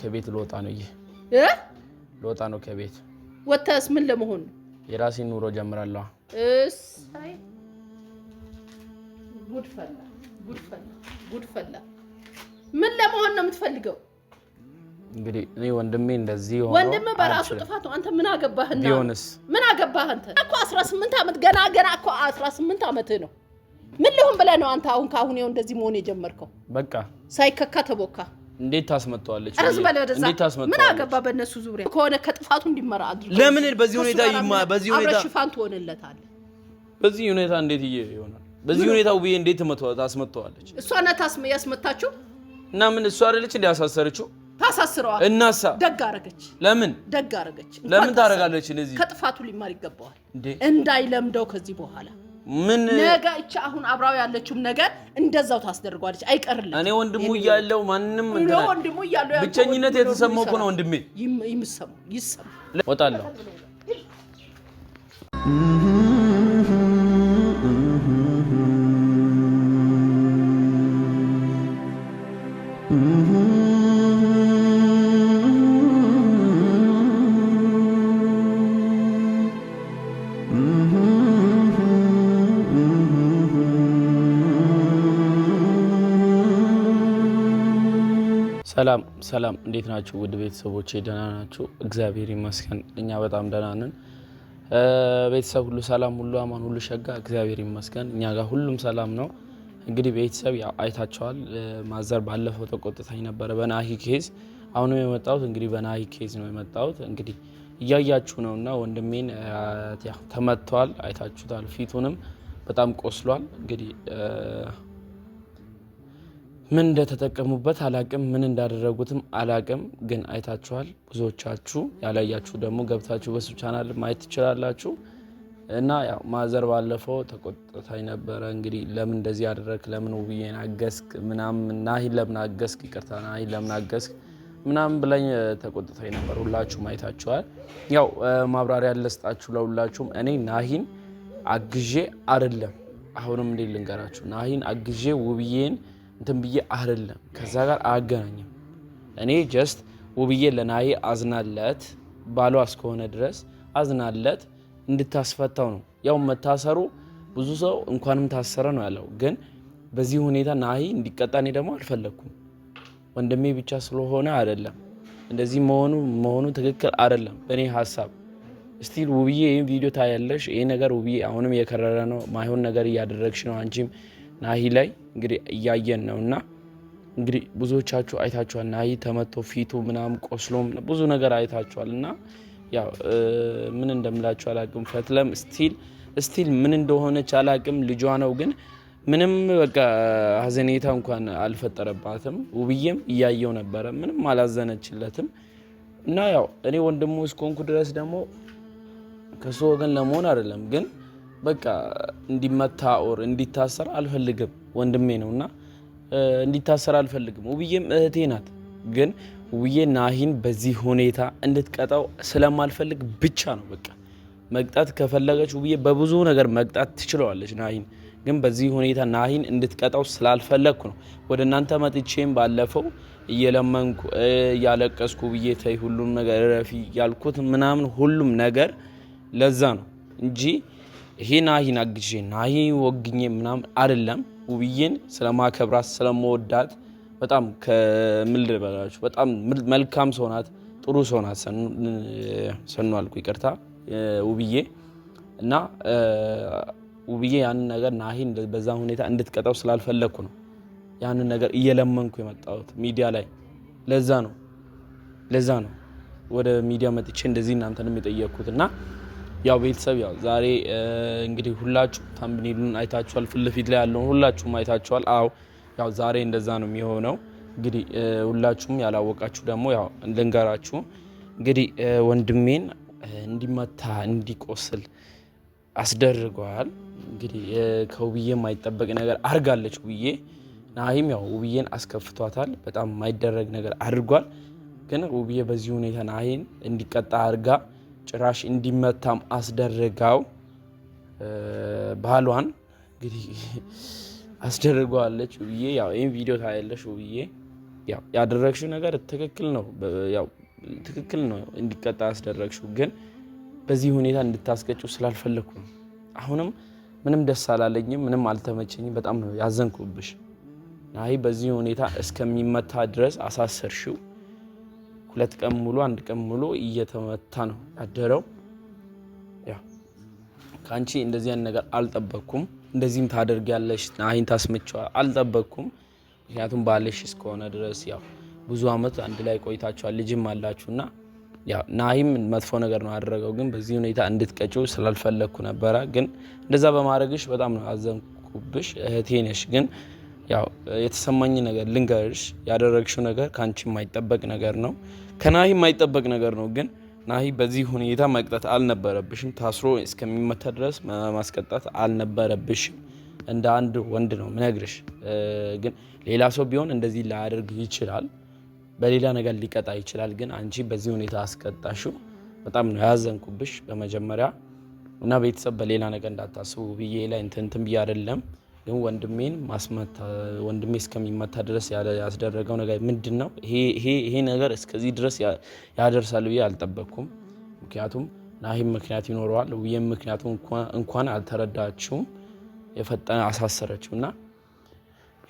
ከቤት ልወጣ ነው። ይህ ልወጣ ነው ከቤት ወጥተህስ ምን ለመሆን የራሴን ኑሮ ጀምራለሁ። እሳይ ጉድ ፈላ፣ ምን ለመሆን ነው የምትፈልገው? እንግዲህ እኔ ወንድሜ እንደዚህ ሆኖ ወንድም በራሱ ጥፋት አንተ ምን አገባህና? ቢሆንስ ምን አገባህ አንተ? እኮ 18 ዓመት ገና ገና እኮ 18 ዓመትህ ነው። ምን ልሁን ብለህ ነው አንተ አሁን ከአሁን ይኸው እንደዚህ መሆን የጀመርከው? በቃ ሳይከካ ተቦካ እንዴት ታስመጣዋለች? እራሱ በል እንዴት ታስመጣዋለች? ምን አገባ በእነሱ ዙሪያ ከሆነ ከጥፋቱ እንዲመራ አድርጎ ለምን በዚህ ሁኔታ ይማ በዚህ ሁኔታ አብረሽ ሽፋን ትሆንለታለህ? በዚህ ሁኔታ እንዴት ይሆናል? በዚህ ሁኔታ ውብዬ እንዴት ታስመጣዋለች? እሷ ታስመ ያስመታችው እና ምን እሷ አይደለች እንዴ ያሳሰረችው? ታሳስረዋል። እናሳ ደግ አደረገች። ለምን ደግ አደረገች? ለምን ታረጋለች? እንደዚህ ከጥፋቱ ሊማር ይገባዋል። እንዳይለምደው ከዚህ በኋላ ምን ነገ እቺ አሁን አብራው ያለችውም ነገር እንደዛው ታስደርጓለች፣ አይቀርልም። እኔ ወንድሙ እያለው ማንም እንደ ወንድሙ እያለው ብቸኝነት የተሰማው እኮ ነው ወንድሜ ይምሰሙ ይሰሙ ወጣለሁ ሰላም እንዴት ናችሁ? ውድ ቤተሰቦቼ ደህና ናችሁ? እግዚአብሔር ይመስገን እኛ በጣም ደህና ነን። ቤተሰብ ሁሉ ሰላም፣ ሁሉ አማን፣ ሁሉ ሸጋ፣ እግዚአብሔር ይመስገን እኛ ጋር ሁሉም ሰላም ነው። እንግዲህ ቤተሰብ አይታቸዋል። ማዘር ባለፈው ተቆጥታኝ ነበረ በናሂ ኬዝ። አሁንም የመጣሁት እንግዲህ በናሂ ኬዝ ነው የመጣሁት። እንግዲህ እያያችሁ ነው እና ወንድሜን ተመቷል፣ አይታችሁታል። ፊቱንም በጣም ቆስሏል እንግዲህ ምን እንደተጠቀሙበት አላቅም፣ ምን እንዳደረጉትም አላቅም። ግን አይታችኋል። ብዙዎቻችሁ ያላያችሁ ደግሞ ገብታችሁ በሱ ቻናል ማየት ትችላላችሁ። እና ያው ማዘር ባለፈው ተቆጥታኝ ነበረ። እንግዲህ ለምን እንደዚህ አደረክ፣ ለምን ውብዬን አገስክ ምናምን፣ ናሂን ለምን አገስክ፣ ይቅርታ ናሂን ለምን አገስክ ምናምን ብለኝ ተቆጥታኝ ነበር። ሁላችሁ ማየታችኋል። ያው ማብራሪያ ለስጣችሁ ለሁላችሁም። እኔ ናሂን አግዤ አይደለም አሁንም እንዴ ልንገራችሁ፣ ናሂን አግዤ ውብዬን እንትን ብዬ አይደለም፣ ከዛ ጋር አያገናኝም። እኔ ጀስት ውብዬ ለናይ አዝናለት ባሏ እስከሆነ ድረስ አዝናለት እንድታስፈታው ነው። ያው መታሰሩ ብዙ ሰው እንኳንም ታሰረ ነው ያለው፣ ግን በዚህ ሁኔታ ናሂ እንዲቀጣ እኔ ደግሞ አልፈለግኩም። ወንድሜ ብቻ ስለሆነ አይደለም እንደዚህ መሆኑ መሆኑ ትክክል አይደለም በእኔ ሀሳብ። ስቲል ውብዬ ይህን ቪዲዮ ታያለሽ። ይህ ነገር ውብዬ አሁንም የከረረ ነው፣ ማይሆን ነገር እያደረግሽ ነው አንቺም ናሂ ላይ እንግዲህ እያየን ነው እና እንግዲህ ብዙዎቻችሁ አይታችኋል። ናይ ተመቶ ፊቱ ምናምን ቆስሎም ብዙ ነገር አይታችኋል። እና ያው ምን እንደምላችሁ አላቅም። ፈትለም ስቲል ስቲል ምን እንደሆነች አላቅም። ልጇ ነው ግን ምንም በቃ ሀዘኔታ እንኳን አልፈጠረባትም። ውብዬም እያየው ነበረ፣ ምንም አላዘነችለትም። እና ያው እኔ ወንድሙ እስኮንኩ ድረስ ደግሞ ከሱ ወገን ለመሆን አይደለም ግን በቃ እንዲመታ ኦር እንዲታሰር አልፈልግም። ወንድሜ ነው እና እንዲታሰር አልፈልግም። ውብዬም እህቴ ናት። ግን ውብዬ ናሂን በዚህ ሁኔታ እንድትቀጣው ስለማልፈልግ ብቻ ነው በቃ መቅጣት ከፈለገች ውብዬ በብዙ ነገር መቅጣት ትችለዋለች ናሂን። ግን በዚህ ሁኔታ ናሂን እንድትቀጣው ስላልፈለግኩ ነው ወደ እናንተ መጥቼም ባለፈው እየለመንኩ እያለቀስኩ ውብዬ ተይ ሁሉም ነገር እረፊ ያልኩት ምናምን ሁሉም ነገር ለዛ ነው እንጂ ይሄ ናሂን አግዤ ናሂ ወግኜ ምናምን አይደለም። ውብዬን ስለማከብራት ስለመወዳት በጣም ከምል በላችሁ በጣም መልካም ሰው ናት፣ ጥሩ ሰው ናት። ሰኑ አልኩ ይቅርታ ውብዬ እና ውብዬ ያንን ነገር ናሂን በዛ ሁኔታ እንድትቀጣው ስላልፈለግኩ ነው ያንን ነገር እየለመንኩ የመጣሁት ሚዲያ ላይ። ለዛ ነው ለዛ ነው ወደ ሚዲያ መጥቼ እንደዚህ እናንተንም የጠየቅኩት እና ያው ቤተሰብ ያው ዛሬ እንግዲህ ሁላችሁ ታምብኔሉን አይታችኋል። ፊት ለፊት ላይ ያለውን ሁላችሁም አይታችኋል። አዎ ያው ዛሬ እንደዛ ነው የሚሆነው። እንግዲህ ሁላችሁም ያላወቃችሁ ደግሞ ያው ልንገራችሁ። እንግዲህ ወንድሜን እንዲመታ እንዲቆስል አስደርገዋል። እንግዲህ ከውብዬ የማይጠበቅ ነገር አድርጋለች ውብዬ። ናሂም ያው ውብዬን አስከፍቷታል። በጣም የማይደረግ ነገር አድርጓል። ግን ውብዬ በዚህ ሁኔታ ናሂን እንዲቀጣ አድርጋ ጭራሽ እንዲመታም አስደርጋው ባሏን እንግዲህ አስደርገዋለች። ውብዬ ያው ይህን ቪዲዮ ታያለሽ ውብዬ፣ ያው ያደረግሽው ነገር ትክክል ነው፣ ያው ትክክል ነው እንዲቀጣ ያስደረግሽው፣ ግን በዚህ ሁኔታ እንድታስቀጭው ስላልፈለግኩ ነው። አሁንም ምንም ደስ አላለኝም፣ ምንም አልተመቸኝም። በጣም ነው ያዘንኩብሽ። አይ በዚህ ሁኔታ እስከሚመታ ድረስ አሳሰርሽው። ሁለት ቀን ሙሉ አንድ ቀን ሙሉ እየተመታ ነው ያደረው። ከአንቺ እንደዚህ አይነት ነገር አልጠበቅኩም። እንደዚህም ታደርጊያለሽ ናሂን ታስመቸዋል አልጠበቅኩም። ምክንያቱም ባልሽ እስከሆነ ድረስ ያው ብዙ አመት አንድ ላይ ቆይታችኋል፣ ልጅም አላችሁ እና ናሂም መጥፎ ነገር ነው ያደረገው፣ ግን በዚህ ሁኔታ እንድትቀጭው ስላልፈለግኩ ነበረ። ግን እንደዛ በማድረግሽ በጣም ነው አዘንኩብሽ። እህቴ ነሽ፣ ግን ያው የተሰማኝ ነገር ልንገርሽ። ያደረግሽው ነገር ከአንቺ የማይጠበቅ ነገር ነው። ከናሂ የማይጠበቅ ነገር ነው፣ ግን ናሂ በዚህ ሁኔታ መቅጣት አልነበረብሽም። ታስሮ እስከሚመታ ድረስ ማስቀጣት አልነበረብሽም። እንደ አንድ ወንድ ነው ምነግርሽ። ግን ሌላ ሰው ቢሆን እንደዚህ ላያደርግ ይችላል፣ በሌላ ነገር ሊቀጣ ይችላል። ግን አንቺ በዚህ ሁኔታ አስቀጣሽው። በጣም ነው ያዘንኩብሽ በመጀመሪያ እና ቤተሰብ በሌላ ነገር እንዳታስቡ ብዬ ላይ እንትን ብዬ አይደለም ግን ወንድሜን ማስመታ ወንድሜ እስከሚመታ ድረስ ያስደረገው ነገር ምንድን ነው? ይሄ ነገር እስከዚህ ድረስ ያደርሳል ብዬ አልጠበቅኩም። ምክንያቱም ናሂም ምክንያት ይኖረዋል ውዬም ምክንያቱ እንኳን አልተረዳችውም። የፈጠነ አሳሰረችው እና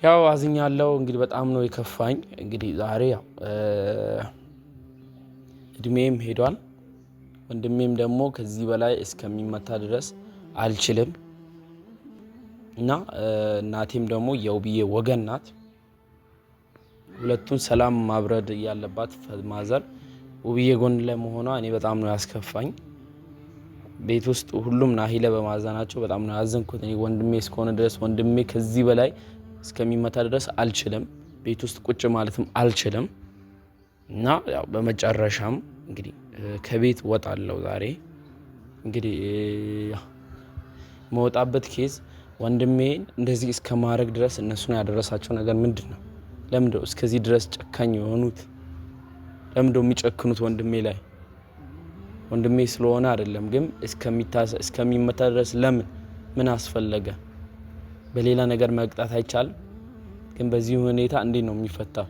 ያው አዝኛለሁ። እንግዲህ በጣም ነው የከፋኝ። እንግዲህ ዛሬ ያው እድሜም ሄዷል። ወንድሜም ደግሞ ከዚህ በላይ እስከሚመታ ድረስ አልችልም እና እናቴም ደግሞ የውብዬ ወገን ናት። ሁለቱን ሰላም ማብረድ ያለባት ማዘር ውብዬ ጎን ላይ መሆኗ እኔ በጣም ነው ያስከፋኝ። ቤት ውስጥ ሁሉም ናሂለ በማዘናቸው በጣም ነው ያዘንኩት። እኔ ወንድሜ እስከሆነ ድረስ ወንድሜ ከዚህ በላይ እስከሚመታ ድረስ አልችልም። ቤት ውስጥ ቁጭ ማለትም አልችልም እና ያው በመጨረሻም እንግዲህ ከቤት ወጣለው ዛሬ እንግዲህ መወጣበት ኬዝ ወንድሜን እንደዚህ እስከ ማድረግ ድረስ እነሱን ያደረሳቸው ነገር ምንድን ነው? ለምንድነው እስከዚህ ድረስ ጨካኝ የሆኑት? ለምንድነው የሚጨክኑት ወንድሜ ላይ? ወንድሜ ስለሆነ አይደለም፣ ግን እስከሚመታ ድረስ ለምን? ምን አስፈለገ? በሌላ ነገር መቅጣት አይቻልም? ግን በዚህ ሁኔታ እንዴት ነው የሚፈታው?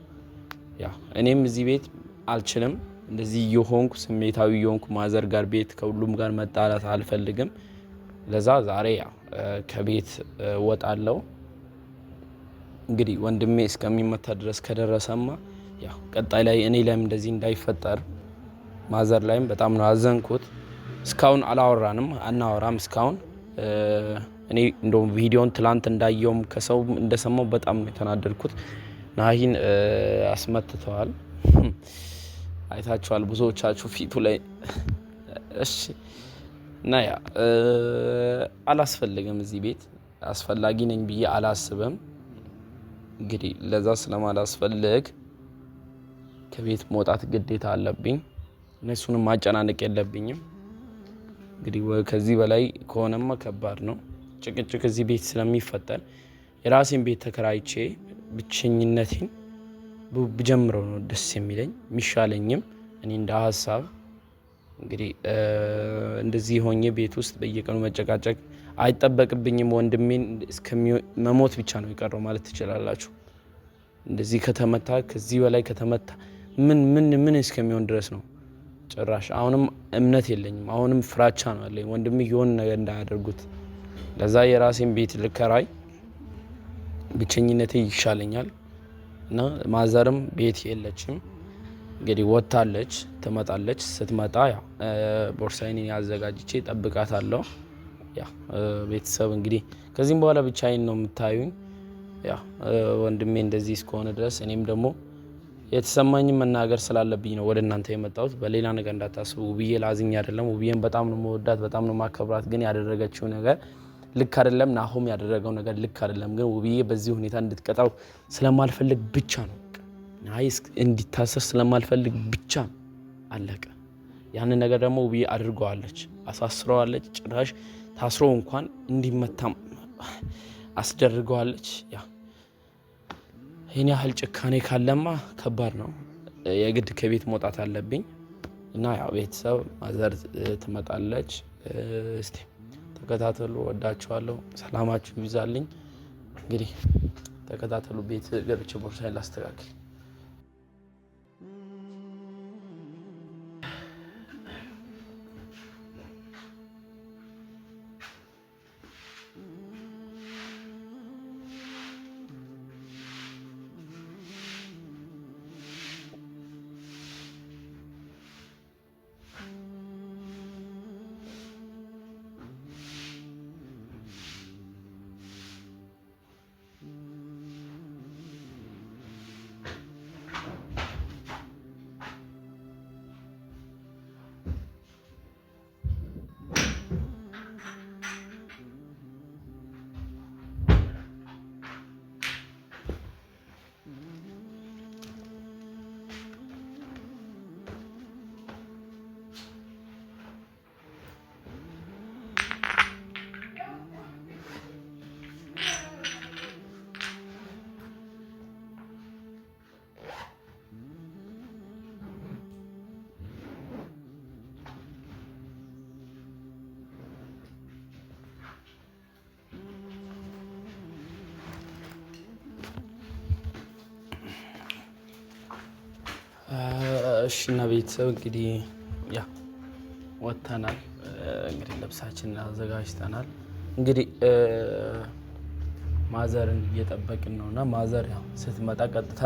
ያው እኔም እዚህ ቤት አልችልም። እንደዚህ እየሆንኩ ስሜታዊ እየሆንኩ ማዘር ጋር ቤት ከሁሉም ጋር መጣላት አልፈልግም። ለዛ ዛሬ ከቤት ወጣለው። እንግዲህ ወንድሜ እስከሚመታ ድረስ ከደረሰማ ያው ቀጣይ ላይ እኔ ላይም እንደዚህ እንዳይፈጠር ማዘር ላይም በጣም ነው አዘንኩት። እስካሁን አላወራንም፣ አናወራም እስካሁን። እኔ እንደውም ቪዲዮን ትላንት እንዳየውም ከሰው እንደሰማው በጣም ነው የተናደድኩት። ናሂን አስመትተዋል፣ አይታችኋል ብዙዎቻችሁ ፊቱ ላይ እሺ ናያ አላስፈልግም። እዚህ ቤት አስፈላጊ ነኝ ብዬ አላስብም። እንግዲህ ለዛ ስለማላስፈልግ ከቤት መውጣት ግዴታ አለብኝ። እነሱንም ማጨናነቅ የለብኝም። እንግዲህ ከዚህ በላይ ከሆነማ ከባድ ነው። ጭቅጭቅ እዚህ ቤት ስለሚፈጠር የራሴን ቤት ተከራይቼ ብቸኝነቴን ብጀምረው ነው ደስ የሚለኝ የሚሻለኝም እኔ እንደ ሀሳብ እንግዲህ እንደዚህ ሆኜ ቤት ውስጥ በየቀኑ መጨቃጨቅ አይጠበቅብኝም። ወንድሜን መሞት ብቻ ነው የቀረው ማለት ትችላላችሁ። እንደዚህ ከተመታ ከዚህ በላይ ከተመታ ምን ምን ምን እስከሚሆን ድረስ ነው። ጭራሽ አሁንም እምነት የለኝም። አሁንም ፍራቻ ነው ያለኝ ወንድሜ የሆን ነገር እንዳያደርጉት። ለዛ የራሴን ቤት ልከራይ፣ ብቸኝነቴ ይሻለኛል እና ማዘርም ቤት የለችም እንግዲህ ወጥታለች፣ ትመጣለች። ስትመጣ ቦርሳይን አዘጋጅቼ ጠብቃታለሁ። ቤተሰብ እንግዲህ ከዚህም በኋላ ብቻዬን ነው የምታዩኝ። ወንድሜ እንደዚህ እስከሆነ ድረስ እኔም ደግሞ የተሰማኝ መናገር ስላለብኝ ነው ወደ እናንተ የመጣሁት። በሌላ ነገር እንዳታስቡ። ውብዬ ላዝኝ አይደለም። ውብዬን በጣም ነው መወዳት፣ በጣም ነው ማከብራት። ግን ያደረገችው ነገር ልክ አይደለም። ናሆም ያደረገው ነገር ልክ አይደለም። ግን ውብዬ በዚህ ሁኔታ እንድትቀጣው ስለማልፈልግ ብቻ ነው አይ እንዲታሰር ስለማልፈልግ ብቻ አለቀ። ያንን ነገር ደግሞ ውብዬ አድርገዋለች፣ አሳስረዋለች። ጭራሽ ታስሮ እንኳን እንዲመታም አስደርገዋለች። ይህን ያህል ጭካኔ ካለማ ከባድ ነው። የግድ ከቤት መውጣት አለብኝ እና ያው ቤተሰብ ማዘር ትመጣለች። እስቲ ተከታተሉ። ወዳችኋለሁ። ሰላማችሁ ይብዛልኝ። እንግዲህ ተከታተሉ። ቤት ገብቼ ቦርሳዬን ላስተካክል። እሺ እና ቤተሰብ እንግዲህ ያ ወጥተናል። እንግዲህ ልብሳችንን አዘጋጅተናል። እንግዲህ ማዘርን እየጠበቅን ነው እና ማዘር ያው ስትመጣ ቀጥታ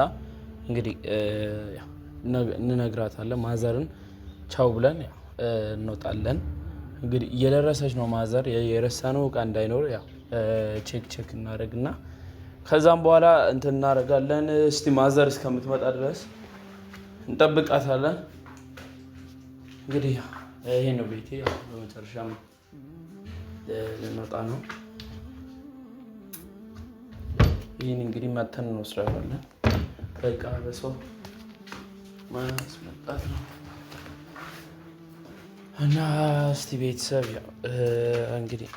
እንግዲህ እንነግራታለን። ማዘርን ቻው ብለን እንወጣለን። እንግዲህ እየደረሰች ነው ማዘር። የረሳነው እቃ እንዳይኖር ያው ቼክ ቼክ እናደርግና ከዛም በኋላ እንትን እናደርጋለን። እስቲ ማዘር እስከምትመጣ ድረስ እንጠብቃታለን። እንግዲህ ይሄ ነው ቤቴ። በመጨረሻም ልንወጣ ነው። ይህን እንግዲህ መተን እንወስዳለን። በቃ በሰው ማስመጣት ነው እና እስቲ ቤተሰብ እንግዲህ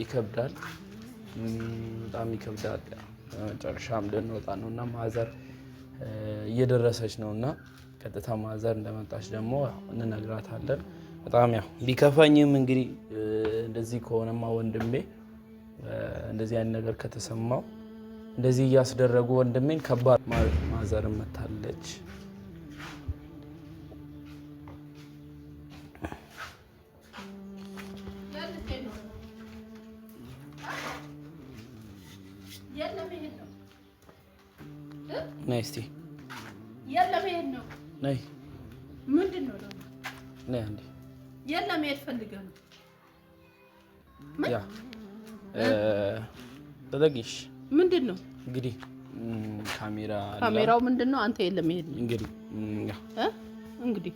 ይከብዳል፣ በጣም ይከብዳል። መጨረሻም ልንወጣ ነው እና ማዘር እየደረሰች ነው እና ቀጥታ ማዘር እንደመጣች ደግሞ እንነግራታለን። በጣም ያው ቢከፋኝም እንግዲህ እንደዚህ ከሆነማ ወንድሜ እንደዚህ አይነት ነገር ከተሰማው እንደዚህ እያስደረጉ ወንድሜን ከባድ ማዘር መታለች። ነይ እስኪ ነይ። ምንድን ነው ደግሞ? ነይ አንዴ። የለም የት ፈልገህ ነው? ያ ተጠቂሽ ምንድን ነው እንግዲህ ካሜራ ካሜራው ምንድን ነው? አንተ የለም ይሄድ እንግዲህ እንግዲህ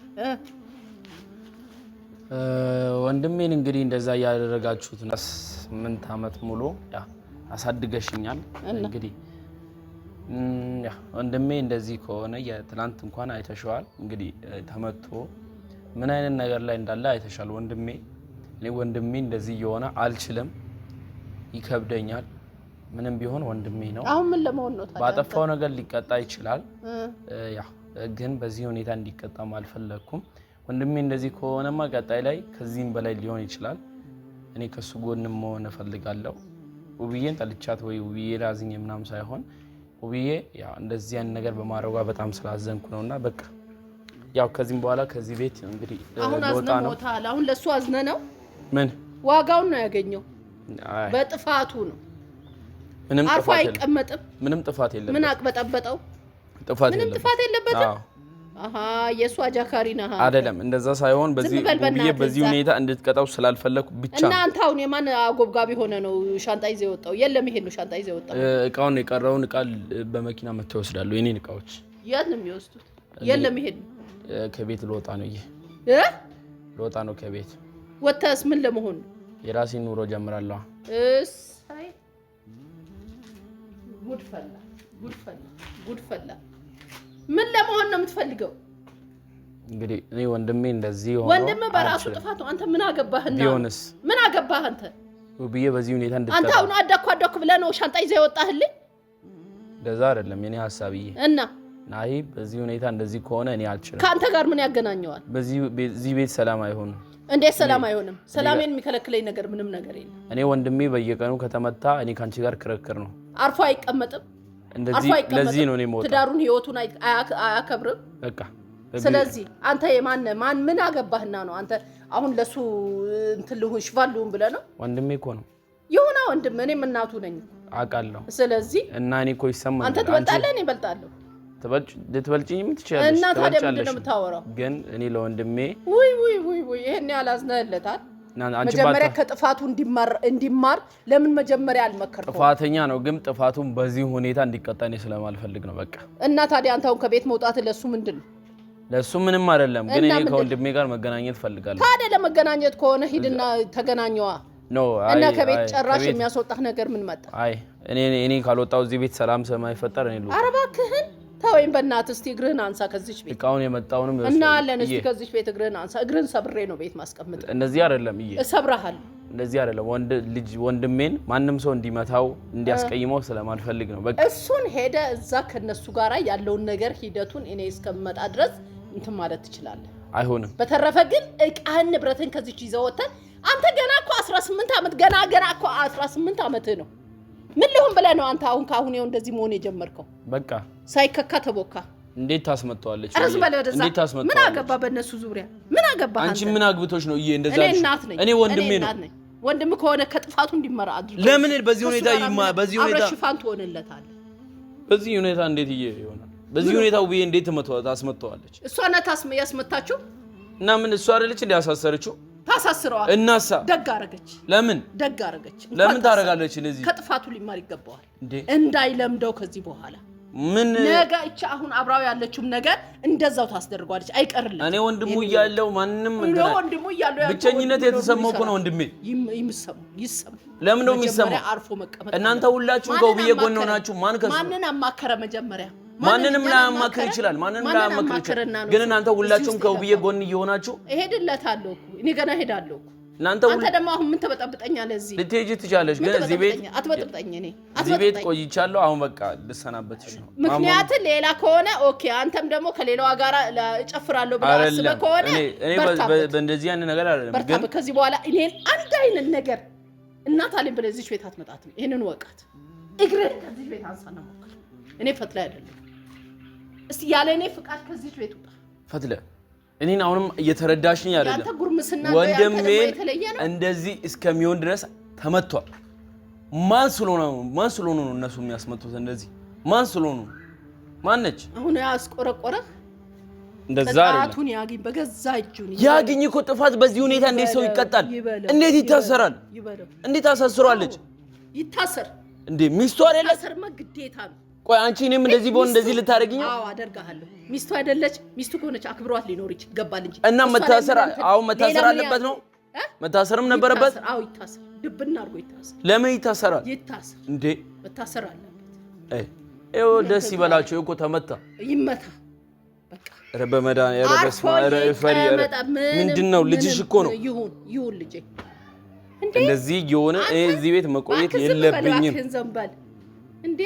ወንድሜን እንግዲህ እንደዛ እያደረጋችሁት ነው። ስምንት ዓመት ሙሉ አሳድገሽኛል እንግዲህ ወንድሜ እንደዚህ ከሆነ የትናንት እንኳን አይተሸዋል። እንግዲህ ተመቶ ምን አይነት ነገር ላይ እንዳለ አይተሻል ወንድሜ። እኔ ወንድሜ እንደዚህ እየሆነ አልችልም፣ ይከብደኛል። ምንም ቢሆን ወንድሜ ነው። አሁን ምን ለመሆን ነው? ባጠፋው ነገር ሊቀጣ ይችላል። ያ ግን በዚህ ሁኔታ እንዲቀጣም አልፈለግኩም። ወንድሜ እንደዚህ ከሆነማ ቀጣይ ላይ ከዚህም በላይ ሊሆን ይችላል። እኔ ከሱ ጎንም መሆን እፈልጋለሁ። ውብዬን ጠልቻት ወይ ውብዬ ላዝኝ ምናም ሳይሆን ውብዬ ያው እንደዚህ ያን ነገር በማድረጓ በጣም ስላዘንኩ ነውና በቃ ያው ከዚህም በኋላ ከዚህ ቤት እንግዲህ አሁን አዝነሞታል። አሁን ለእሱ አዝነ ነው ምን ዋጋውን ነው ያገኘው። በጥፋቱ ነው። ምንም ጥፋት አይቀመጥም። ምንም ጥፋት የለበትም። ምን አቅበጠበጠው? ምንም ጥፋት የለበትም። የእሷ ጃካሪ ነህ አይደለም። እንደዛ ሳይሆን በዚህ ሁኔታ እንድትቀጣው ስላልፈለኩ ብቻ እና አሁን የማን አጎብጋቢ ሆነ ነው ሻንጣ የወጣው? የለም ይሄን ነው ሻንጣ የወጣው። እቃውን የቀረውን እቃ በመኪና መተው ይወስዳሉ። የኔን እቃዎች የት ነው የሚወስዱት? የለም ይሄን ከቤት ልወጣ ነው ልወጣ ነው ከቤት ምን ለመሆን የራሴን ኑሮ ጀምራለሁ። ጉድ ፈላ ጉድ ፈላ ጉድ ፈላ ምን ለመሆን ነው የምትፈልገው? እንግዲህ እኔ ወንድሜ እንደዚህ ሆኖ ወንድሜ በራሱ ጥፋት ነው። አንተ ምን አገባህና ቢሆንስ ምን አገባህ አንተ ውብዬ በዚህ ሁኔታ እንድታ አንተ አሁን አደኩ አደኩ ብለህ ነው ሻንጣ ይዘህ የወጣህልኝ? እንደዛ አይደለም የኔ ይሄ እና ናሂ በዚህ ሁኔታ እንደዚህ ከሆነ እኔ አልችልም። ከአንተ ጋር ምን ያገናኘዋል? በዚህ ቤት ሰላም አይሆንም። እንዴት ሰላም አይሆንም? ሰላሜን የሚከለክለኝ ነገር ምንም ነገር የለም። እኔ ወንድሜ በየቀኑ ከተመታ እኔ ከአንቺ ጋር ክርክር ነው። አርፎ አይቀመጥም እንደዚህ ለዚህ ነው ነው ትዳሩን ህይወቱን አያከብርም። በቃ ስለዚህ አንተ የማን ማን ምን አገባህና ነው አንተ አሁን ለሱ እንትን ልሁን ሽፋልሁን ብለህ ነው? ወንድሜ እኮ ነው የሆነ ወንድም፣ እኔም እናቱ ነኝ አውቃለሁ። ስለዚህ እና እኔ እኮ ይሰማል። አንተ ትበልጣለህ፣ እኔ እበልጣለሁ። ልትበልጭኝም ትችያለሽ። እና ታዲያ ምንድን ነው የምታወራው? ግን እኔ ለወንድሜ ውይ ውይ ውይ ውይ ይሄን ያህል አዝነህለታል። መጀመሪያ ከጥፋቱ እንዲማር ለምን መጀመሪያ አልመከርኩም? ጥፋተኛ ነው፣ ግን ጥፋቱን በዚህ ሁኔታ እንዲቀጣኔ ስለማልፈልግ ነው። በቃ እና ታዲያ አንተ አሁን ከቤት መውጣት ለሱ ምንድን ነው? ለሱ ምንም አይደለም፣ ግን እኔ ከወንድሜ ጋር መገናኘት ፈልጋለሁ። ታዲያ ለመገናኘት ከሆነ ሂድና ተገናኘዋ እና ከቤት ጨራሽ የሚያስወጣህ ነገር ምን መጣ? አይ እኔ ካልወጣው እዚህ ቤት ሰላም ስለማይፈጠር እኔ ኧረ እባክህን ተወይም በእናት እስቲ እግርህን አንሳ ከዚች ቤት እቃውን የመጣውንም እና አለን። እስቲ ከዚች ቤት እግርህን አንሳ። እግርህን ሰብሬ ነው ቤት ማስቀምጥ። እንደዚህ አይደለም እዬ፣ እሰብርሃል። እንደዚህ አይደለም። ወንድ ልጅ ወንድሜን ማንም ሰው እንዲመታው እንዲያስቀይመው ስለማልፈልግ ነው። በቃ እሱን ሄደ እዛ ከነሱ ጋራ ያለውን ነገር ሂደቱን እኔ እስከምመጣ ድረስ እንትን ማለት ትችላለህ። አይሆንም። በተረፈ ግን እቃህን ንብረትን ከዚች ይዘህ ወተን አንተ ገና እኮ 18 ዓመት ገና ገና እኮ 18 ዓመትህ ነው። ምን ልሁን ብለህ ነው አንተ አሁን ከአሁን ይኸው እንደዚህ መሆን የጀመርከው በቃ ሳይከካ ተቦካ። እንዴት ታስመጣዋለች? ራስ በለ ወደዛ። ምን አገባ በእነሱ ዙሪያ ምን አገባ? አንቺ ምን አግብቶች ነው? እንደዛ እኔ እናት ነኝ፣ እኔ ወንድሜ ነው። ወንድም ከሆነ ከጥፋቱ እንዲመራ አድርጎ ለምን በዚህ ሁኔታ ይማ በዚህ ሁኔታ አብረሽ ሽፋን ትሆንለታለህ? በዚህ ሁኔታ እንዴት ይሄ ይሆናል? በዚህ ሁኔታ ውብዬ እንዴት ታስመጣዋለች? እሷ ነ ታስመ ያስመታችው። እና ምን እሷ አይደለች እንዴ ያሳሰረችው? ታሳስረዋል። እናሳ ደግ አረገች። ለምን ደግ አረገች? ለምን ታረጋለች? እንደዚህ ከጥፋቱ ሊማር ይገባዋል። እንዳይለምደው ከዚህ በኋላ ምን ነገ እቺ አሁን አብራው ያለችውም ነገር እንደዛው ታስደርጓለች፣ አይቀርልም። እኔ ወንድሙ እያለው ማንም እንደ ወንድሙ እያለው ብቸኝነት የተሰማው እኮ ነው ወንድሜ። ይምሰሙ ይሰሙ። ለምን ነው የሚሰማው? አርፎ መቀመጥ። እናንተ ሁላችሁም ከውብዬ ጎን ሆናችሁ ማን ከሱ ማንን አማከረ መጀመሪያ? ማንንም ላያማክር ይችላል። ማንንም ላያማክር ይችላል። ግን እናንተ ሁላችሁም ከውብዬ ጎን እየሆናችሁ እሄድለታለሁ እኔ ገና እሄዳለሁ እናንተ አንተ ደግሞ አሁን ምን ትበጠብጠኛለህ? እዚህ ልትሄጂ ትቻለሽ፣ ግን እዚህ ቤት አትበጥብጠኝ። እኔ እዚህ ቤት ቆይቻለሁ። አሁን በቃ ልሰናበትሽ ነው። ምክንያት ሌላ ከሆነ ኦኬ፣ አንተም ደግሞ ከሌላዋ ጋር እጨፍራለሁ ብለህ አስበህ ከሆነ እኔ በእንደዚህ ያን ነገር አይደለም። ግን ከዚህ በኋላ እኔን አንድ አይነት ነገር እናት አለኝ ብለህ እዚህ ቤት አትመጣትም። ይሄንን ወቃት፣ እግርህን ከዚህ ቤት አንሳና ሞክር። እኔ ፈትለህ አይደለም። እስቲ ያለ እኔ ፍቃድ ከዚህ ቤት ውጣ ፈትለህ እኔን አሁንም እየተረዳሽኝ አይደለም። ወንድሜን እንደዚህ እስከሚሆን ድረስ ተመቷል። ማን ስለሆነ ማን ስለሆነ ነው እነሱ የሚያስመጡት? እንደዚህ ማን ስለሆነ ማነች? አሁን ያስቆረቆረ እንደዛ አይደለም። ያግኝ በገዛ እጁ ያግኝ እኮ ጥፋት። በዚህ ሁኔታ እንዴት ሰው ይቀጣል? እንዴት ይታሰራል? እንዴት አሳስሯለች? ይታሰር እንዴ? ሚስቱ አይደለም ግዴታ ነው ቆይ አንቺ እኔም እንደዚህ በሆን እንደዚህ ልታደርግኝ? አዎ አደርጋለሁ። ሚስቱ አይደለች? ሚስቱ ከሆነች አክብሯት ሊኖር ይገባል እንጂ እና መታሰር አሁን መታሰር አለበት ነው መታሰርም ነበረበት። አዎ ይታሰር፣ ድብና አድርጎ ይታሰር። ለምን ይታሰራል? ይታሰር እንዴ መታሰር አለበት። አይ ይኸው ደስ ይበላቸው እኮ ተመታ፣ ይመታ በቃ። ኧረ በመድኃኒዓለም ኧረ በስመ አብ ኧረ ፈሪ ኧረ ምንድን ነው ልጅሽ እኮ ነው። ይሁን ይሁን ልጄ፣ እንደዚህ የሆነ እዚህ ቤት መቆየት የለብኝም እንዴ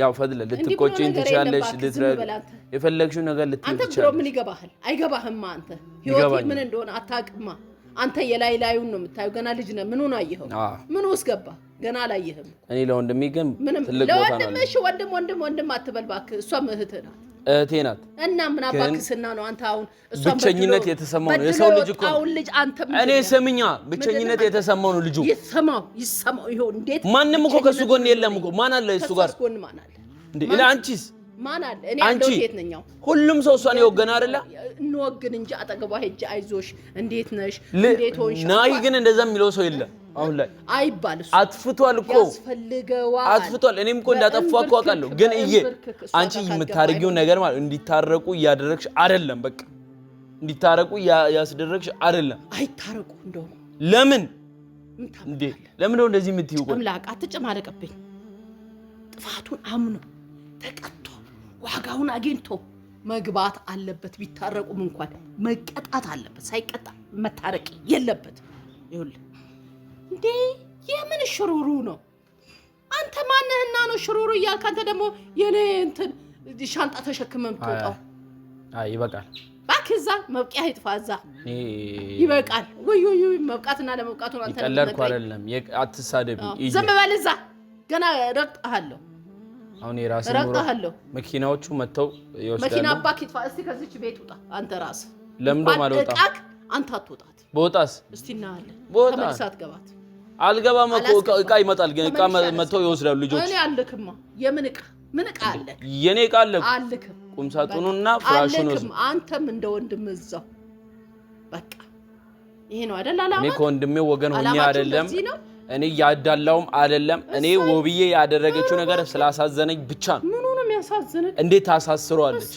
ያው ፈድለ ልትቆጭኝ ትችያለሽ። ልትረግ የፈለግሽው ነገር ልትል ትችያለሽ። ምን ይገባሃል? አይገባህማ። አንተ ህይወት ምን እንደሆነ አታውቅማ። አንተ የላይ ላዩን ነው የምታየው። ገና ልጅ ነህ። ምኑን አየኸው? ምን ውስጥ ገባ? ገና አላየህም። እኔ ለወንድሜ ግን ትልቅ ቦታ ነው። ለወንድምሽ ወንድም ወንድም ወንድም አትበል እባክህ። እሷም እህትህ ናት። እህቴ ናት እና ምን አባክስና ነው አንተ አሁን እሷ ብቸኝነት የተሰማው ነው የሰው ልጅ እኮ አሁን ልጅ አንተ እኔ ስምኛ ብቸኝነት የተሰማው ነው ልጁ ይሰማው ይሰማው ይሄው እንዴት ማንም እኮ ከሱ ጎን የለም እኮ ማን አለ እሱ ጋር ከሱ ጎን ማን አለ እንዴ እና አንቺስ ማን አለ እኔ አንቺ ሴት ነኛው ሁሉም ሰው እሷን ይወገና አይደለ እንወግን እንጂ አጠገቧ ሄጄ አይዞሽ እንዴት ነሽ እንዴት ሆንሽ ናይ ግን እንደዛ የሚለው ሰው የለም አሁን ላይ አይባል አጥፍቷል እኮ አጥፍቷል። እኔም እኮ እንዳጠፋው እኮ አውቃለሁ። ግን እዬ አንቺ የምታደርጊው ነገር ማለት እንዲታረቁ እያደረግሽ አይደለም። በቃ እንዲታረቁ ያስደረግሽ አይደለም። አይታረቁ እንደው ለምን እንዴ ለምን ነው እንደዚህ የምትይው? ቆይ አምላክ አትጨማለቅብኝ። ጥፋቱን አምኖ ተቀጥቶ ዋጋውን አግኝቶ መግባት አለበት። ቢታረቁም እንኳን መቀጣት አለበት። ሳይቀጣ መታረቅ የለበት። ይኸውልህ እንዴ ይህ ምን ሽሩሩ ነው? አንተ ማንህና ነው ሽሩሩ እያልክ አንተ ደግሞ የኔ እንትን ሻንጣ ተሸክመህ የምትወጣው? ይበቃል እባክህ፣ እዛ መብቂያ ይጥፋ፣ እዛ ይበቃል። ውይ ውይ፣ መብቃትና ለመብቃቱ አንተ ቀለድኩ አይደለም። አትሳደቢ፣ ዝም በል እዛ። ገና ረግጠሃለሁ፣ አሁን የራስ ረግጠሃለሁ። መኪናዎቹ መጥተው ይወስዳሉ። መኪና አባክ ይጥፋ። እስቲ ከዚች ቤት ውጣ አንተ ራስህ። ለምዶ ደም አንተ አትወጣት። በወጣስ? እስቲ እናያለን። ተመልሳ ገባት አልገባም እኮ እቃ ይመጣል፣ ግን እቃ መጥተው ይወስዳሉ ልጆች። እኔ አልክማ። የምን እቃ ምን እቃ አለ? የኔ እቃ አለ። አልክም። ቁም ሳጥኑና ፍራሹን ወስድ። አንተም እንደ ወንድም እዛው በቃ ይሄ ነው አይደል? አላማ እኔ ከወንድሜ ወገን ሆኜ አይደለም እኔ ያዳላውም አይደለም። እኔ ውብዬ ያደረገችው ነገር ስላሳዘነኝ ብቻ ነው። ምኑንም ያሳዘነኝ። እንዴት ታሳስረዋለች?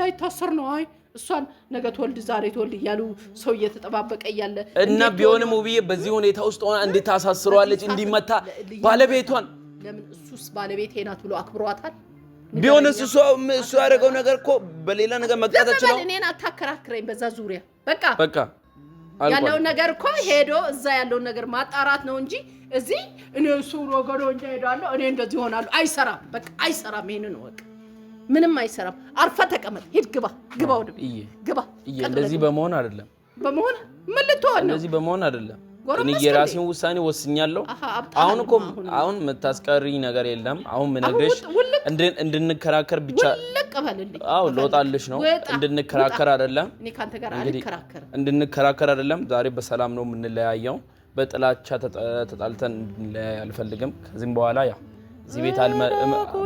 ላይ ታስር ነው። አይ እሷን ነገ ትወልድ ዛሬ ትወልድ እያሉ ሰው እየተጠባበቀ እያለ እና ቢሆንም ውብዬ በዚህ ሁኔታ ውስጥ ሆና እንዴት እንዲመታ ባለቤቷን ለምን እሱስ ባለቤቴ ናት ብሎ አክብሯታል። ቢሆንስ እሱ ያደረገው ነገር እኮ በሌላ ነገር መቅጣት አችለው። እኔን አታከራክረኝ በዛ ዙሪያ በቃ በቃ ያለውን ነገር እኮ ሄዶ እዛ ያለውን ነገር ማጣራት ነው እንጂ እዚህ እኔ እሱ ወገዶ እንጂ ሄዳለሁ እኔ እንደዚህ ሆናለሁ አይሰራም። በቃ አይሰራም። ይሄንን ወቅ ምንም አይሰራም። አርፈ ተቀመጥ። ሂድ ግባ፣ ግባ፣ ወደ ግባ። እንደዚህ በመሆን አይደለም በመሆን ምን ልትሆን ነው? እንደዚህ በመሆን አይደለም። እኔ የራሴን ውሳኔ ወስኛለሁ። አሁን እኮ አሁን የምታስቀሪ ነገር የለም። አሁን ምነግርሽ እንድንከራከር ብቻ አዎ፣ ልወጣልሽ ነው። እንድንከራከር አይደለም፣ እንድንከራከር አይደለም። ዛሬ በሰላም ነው የምንለያየው። በጥላቻ ተጣልተን እንድንለያይ አልፈልግም። ከዚህም በኋላ ያው እዚህ ቤት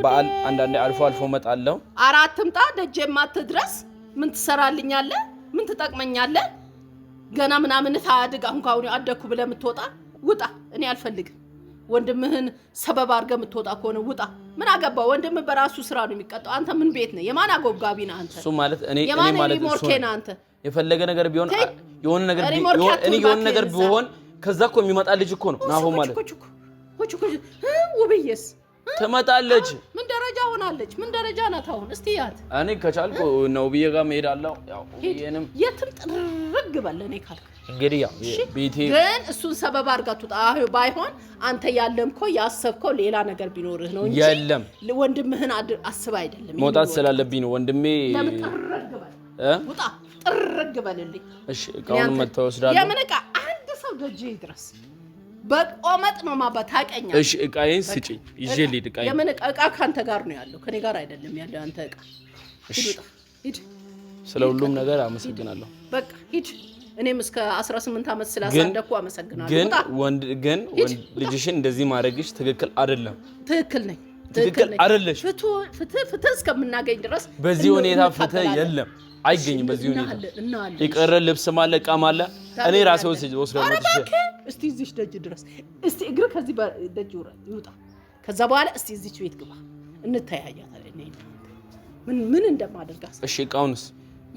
በዓል አንዳንዴ አልፎ አልፎ እመጣለሁ። አራት ምጣ ደጄ ማትድረስ ምን ትሰራልኛለህ? ምን ትጠቅመኛለህ? ገና ምናምን ታድግ አሁን ካሁን አደግኩ ብለህ የምትወጣ ውጣ። እኔ አልፈልግም። ወንድምህን ሰበብ አድርገህ የምትወጣ ከሆነ ውጣ። ምን አገባ? ወንድምህ በራሱ ስራ ነው የሚቀጣው። አንተ ምን ቤት ነህ? የማን አጎብጋቢ ነህ አንተ? እሱ ማለት እኔ የማን ሪሞርኬ ነህ አንተ? የፈለገ ነገር ቢሆን የሆነ ነገር እኔ የሆነ ነገር ቢሆን ከዛ እኮ የሚመጣ ልጅ እኮ ነው ናሆም ማለት ውብዬስ ትመጣለች። ምን ደረጃ ሆናለች? ምን ደረጃ ናት አሁን? እስቲ ያት እኔ ከቻልኩ ነው ብዬ ጋር መሄዳለሁ። ያው ይሄንም የትም ጥርግ በል እኔ ካልኩ እንግዲህ ያው ቤቴ ግን እሱን ሰበብ አድርጋቱ ባይሆን አንተ ያለምከው ያሰብከው ሌላ ነገር ቢኖርህ ነው እንጂ የለም ወንድምህን አስብ አይደለም። መውጣት ስላለብኝ ነው ወንድሜ። ለምን ጥርግ በል ውጣ ጥርግ በልልኝ። እሺ ከአሁን መተወስዳለሁ። የምን ዕቃ አንድ ሰው ደጅ ድረስ በቆመጥ ነው ማባ ታውቀኛለህ። እሺ እቃዬን ስጪኝ፣ ይዤ ልሂድ። እቃዬን የምን እቃ ከአንተ ጋር ነው ያለው? ከኔ ጋር አይደለም ያለው አንተ እቃ። ሂድ። ስለ ሁሉም ነገር አመሰግናለሁ። በቃ ሂድ። እኔም እስከ 18 ዓመት ስላሳደኩ አመሰግናለሁ። ግን ወንድ ግን ወንድ ልጅሽን እንደዚህ ማድረግሽ ትክክል አይደለም። ትክክል ነኝ፣ ትክክል አይደለሽ። ፍትህ ፍትህ እስከምናገኝ ድረስ በዚህ ሁኔታ ፍትህ የለም። አይገኝም። በዚህ ሁኔታ የቀረ ልብስም አለ እቃም አለ። እኔ ራሴ ወስዳለሁ። እስቲ እዚህ ደጅ ድረስ እስቲ እግር ከዚህ ደጅ ይውጣ። ከዛ በኋላ እስቲ እዚች ቤት ግባ፣ እንተያያታለን። ምን ምን እንደማደርጋት እሺ። እቃውንስ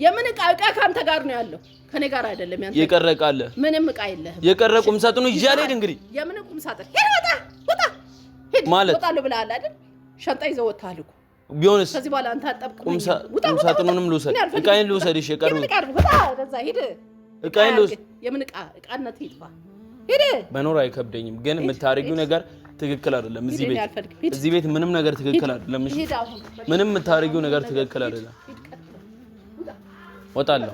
የምን እቃ እቃ ከአንተ ጋር ነው ያለው፣ ከኔ ጋር አይደለም። ያንተ የቀረ እቃ አለ? ምንም እቃ የለህም። የቀረ ቁም ሳጥኑ ይዤ አልሄድ። እንግዲህ የምን ቁም ሳጥን? ሄድ፣ ወጣ፣ ወጣ፣ ሄድ ማለት ወጣለሁ ብለሃል አይደል? ሻንጣ ይዘው ወጥተሃል እኮ ቢሆንስ ከዚህ በኋላ አንተ አጣብቁኝ። ቁም ሳጥኑንም ልውሰድ፣ እቃዬን ልውሰድ። እሺ ቀርቡ የምን እቃ እቃነት ይጥፋ ሄደ መኖር አይከብደኝም፣ ግን የምታደርጊው ነገር ትክክል አይደለም። እዚህ ቤት እዚህ ቤት ምንም ነገር ትክክል አይደለም። እሺ ምንም የምታደርጊው ነገር ትክክል አይደለም። ወጣለሁ